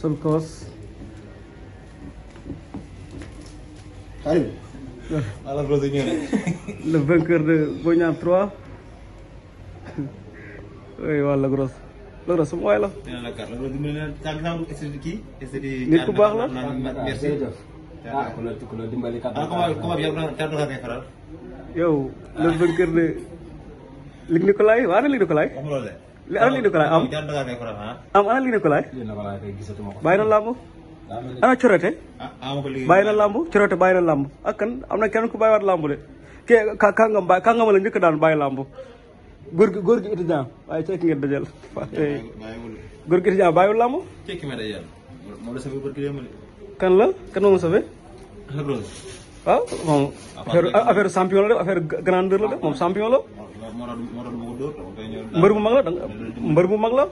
Sulkos. Allez. Le vainqueur de Bognan 3. Oui, voilà, la grosse. La grosse, c'est moi, là. C'est ku baax la. Merci. Ah, ku la ku la dimbali kat. Ah, comment comment bien faire dans la faral. Yow, le vainqueur de Ligue Nicolai, wara Ligue Nicolai. Amul la. ana lii Nicolas am am ana lii Nicolas bàyyi na làmb ana corote ah, ah, bàyyi na làmb corote bàyyi na làmb ak kan am na kenn ku bàyyiwaat làmb de ke ka kàngam ba kàngam la njëkk daan bàyyi làmb góor gi góor gi étudiant waaye cekki ngeen dajal góor gi étudiant bàyyiwul kan la kan moom safe waaw moom. affaire affaire champion la def affaire grandeur la def moom champion la. mbër bu mag la danga mbër bu mag la.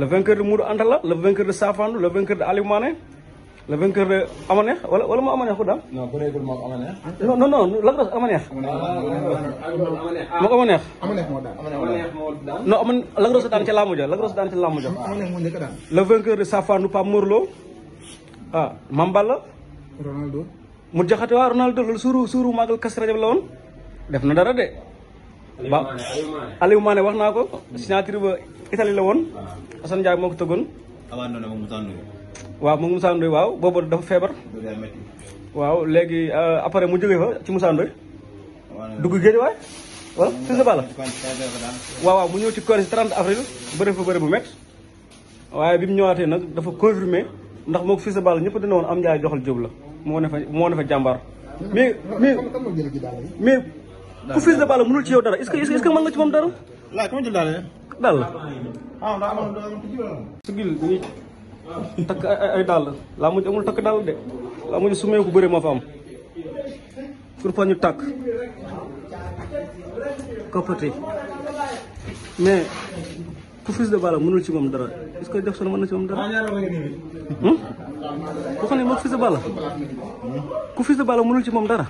le vainqueur de Mourou Anta la le vainqueur de Safandou le vainqueur de Aliou le vainqueur de Amanex wala wala mu Amanex ku non non non non la ko def Amanex. moom Amanex. Amanex moo daan. Amanex moo daan. non man la nga daan ca laamu ja la nga daan ca laamu ja. le vainqueur de Safandou Pape Morlo ah Mamballa. Ronaldo. mu jaxate waa Ronaldo loolu suuru suuru màggal Kazu Rajab la woon def na dara de. ba Aliou wax naa ko. signature ba Italie la woon. Ah. Assane Ndiaye moo ko tëggoon. waaw moom Moussa Ndoye waaw boobu dafa feebar. waaw léegi euh, après mu jógee fa ci Moussa Ndoye. dugg géej waay. wala waaw mu ñëw ci corniche 30 avril bëre fa bëre bu métti. waaye bi mu ñëwaatee nag dafa confirmé ndax mook fii sa bala ñëpp dina woon am njaay joxal jóob moo ne fa moo ne fa jàmbar. mais mais mais ku Fils de Balla mënul ci yow dara est-ce man na ce que ci moom dara. laaj kama jël daal de. daal la. ah daa amoon daa takk ay daal laa mujj amul takk daal de laa mujj sumee ku bëre moo fa am ñu takk koppati mais ku Fils de Balla mënul ci moom dara est-ce que def son na ci moom dara ah, waxal ne moom Fils de Balla ku Fils de Balla ci moom dara.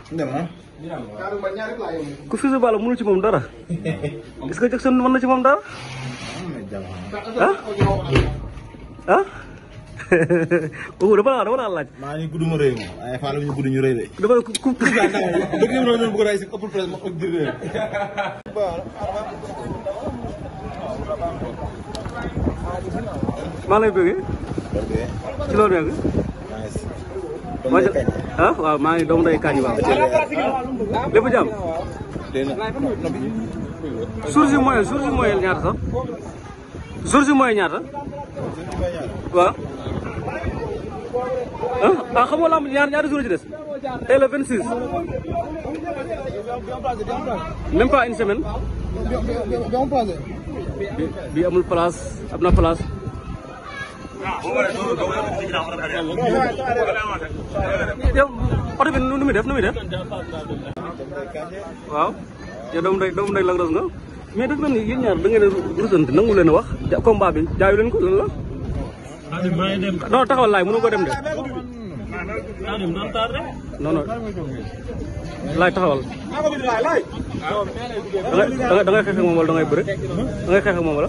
ku Fils de Balla ci moom dara est-ce que Jackson na ci moom dara ah ah. waaw la dama la laaj. maa ngi gudd ma rëy ma waaye ñu gudd ñu rëy de. dama la ku maa lay bëggee. ci loolu nekk. maa ngi ah waaw maa ngi doomu day kañ waaw. lépp jàmm. jour ji mooy jour ji mooy ñaata sax. jour ji mooy ñaata. waaw. ah xam nga lamb ñaar ñaari des. tey la 26. même pas une semaine. bi amul place am na place. yow oto bi nu đẹp def nu muy def waaw yow doom day doom day Lac Rose nga mais daf mel ni yéen ñaar da ngeen a rusante nangu leen a wax combat bi jaayu leen ko lan la non taxawal laay mënu ko dem de non non laay taxawal da ngay xeex ak moom wala da ngay bëre da ngay xeex ak moom wala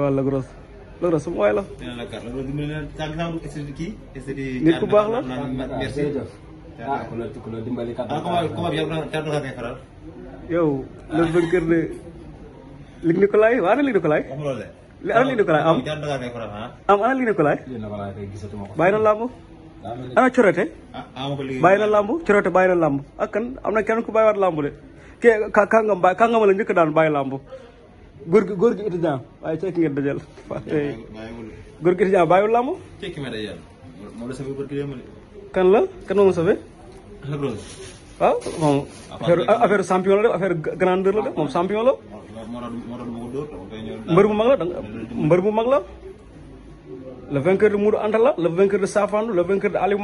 waaw Lac Rose Lac Rose sama waay ku baax la. merci. ah ku la ku la dimbali kat. ah comment yow le vainqueur de Luc Nicolaï waa na Luc li ana Luc Nicolaï am ah. am ana Luc Nicolaï. bàyyi na làmb. ana corote. Ah, ah, bàyyi na làmb corote bàyyi na làmb ak kan am na kenn ku bàyyiwaat làmb de. kee ka kàngam bàyyi kàngam la njëkk daan bàyyi làmb. góor gi góor gi waaye tekki ngeen dajal. góor gi étudiant bàyyiwul la sauvé góor kan la kan moom waaw moom ah, affaire affaire champion la def affaire grandeur la def moom champion la. mbër bu mag la danga mbër bu mag la. le vainqueur de Mourou Anta la le de Safandou le vainqueur de Aliou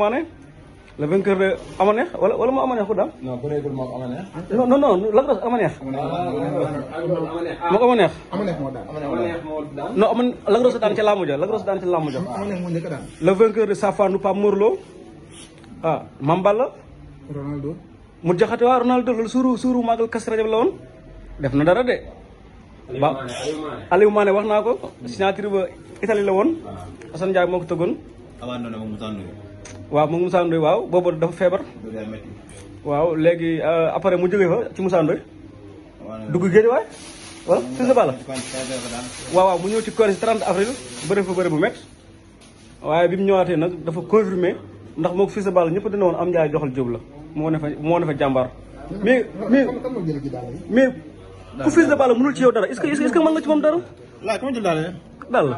le vainqueur de Amanex wala wala mu Amanex ku daan. non bëreegul moom Amanex. non non non Lac Rose Amanex. moom Amanex. Amanex moo daan. Amanex moo daan. non man Lac Rose daan ca làmb ja Lac Rose daan ca làmb ja. Amanex moo njëkk a daan. le vainqueur de Safanou Pape Morlo ah Mamballa. Ronaldo. mu jaxate waa Ronaldo loolu suuru suuru màggal Kazu Rajab la woon def na dara de. ba Aliou Mané wax naa ko signature ba Italie la woon Assane Ndiaye moo ko tëggoon. abandonné ba mu tànn waaw moom Moussa Ndoye waaw boobu dafa feebar. waaw léegi euh, après mu jógee fa ci Moussa Ndoye. dugg géej waay. wala si sa bala waaw waaw mu ñëw ci corps 30 avril bëri fa bu métti. bi mu ñëwaatee nag dafa confirmé ndax moom fii sa bala ñëpp dina woon am njaay joxal jóob moo ne moo ne jàmbaar. mais mais mais ku fii sa bala mënul dara est-ce que ci moom dara. waaw ku ma jël daal la.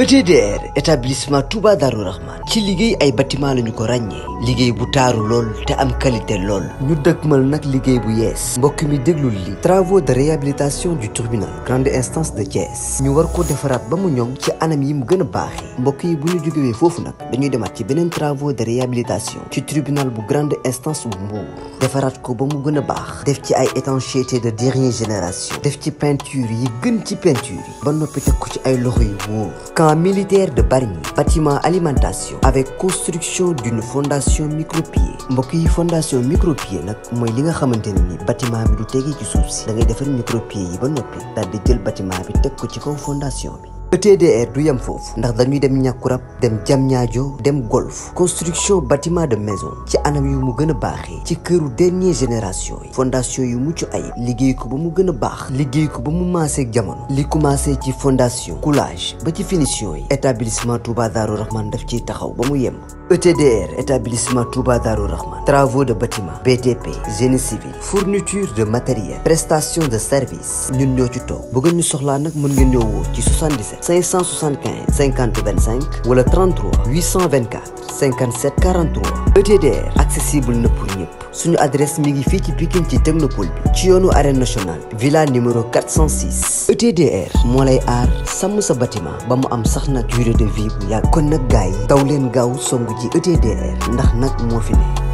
ETDR établissement Touba Darou Rahman ci liguey ay bâtiment lañu ko ragné liguey bu taru lool té am qualité lool ñu dëgmal nak liguey bu yees mbokk mi déglul li travaux de réhabilitation du tribunal grande instance de Thiès ñu war ko défarat ba mu ñoŋ ci anam yi mu gëna a mbokk yi bu ñu jógewee fofu nak dañuy démat ci benen travaux de réhabilitation ci tribunal bu grande instance bu Mbour défarat ko ba mu gëna a baax def ci ay étanchéité de dernière génération def ci peinture yi gën ci peinture yi ba nopi teg ko ci ay loxo yu Camp militaire de Bargny bâtiment alimentation avec construction d'une fondation micropieux mbokk fondation micropieux nak moy li nga xamanteni ni bâtiment bi du tegee ci suuf si da ngay defar micropieux yi ba nopi dal di jël bâtiment bi teg ko ci kaw fondation bi ETDR du yem foofu ndax dañuy dem ñàkkurab dem Diamniadio dem golf construction bâtiment de maison ci anam yu mu gën a baaxee ci këru dernier génération yi fondation yu mucc ay liggéey ko ba mu gën a baax liggéey ko ba mu maasee jamono li commencé ci fondation coulage ba ci finition yi établissement Touba Darou Rahman daf ciy taxaw ba mu yem ETDR, établissement Touba Rahman, travaux de bâtiment, BDP génie civil, fourniture de matériel, prestation de service Nous ñoo ci Si bu nous ñu soxlaa Vous pouvez 77 575 50 25 le 33 824 57 43 ETDR accessible ne pour ñëpp suñu adresse mi ngi fii ci Pikine ci technopole nationale villa numéro 406 ETDR moo Ar, Samusa sa bâtiment ba am durée de vie bu yàgg kon nag songu ji ETDR ndax nag moo fi ne